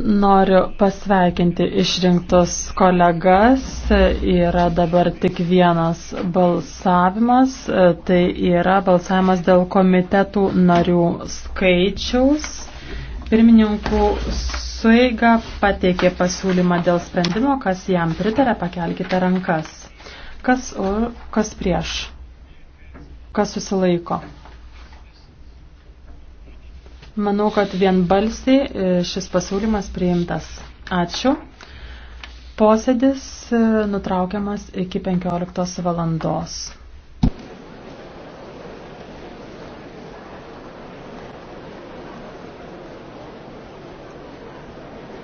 Noriu pasveikinti išrinktus kolegas. Yra dabar tik vienas balsavimas. Tai yra balsavimas dėl komitetų narių skaičiaus. Pirmininkų suiga pateikė pasiūlymą dėl sprendimo, kas jam pritarė, pakelkite rankas. Kas, kas prieš? Kas susilaiko? Manau, kad vienbalsiai e, šis pasiūlymas priimtas. Ačiū. Posėdis e, nutraukiamas iki 15 valandos.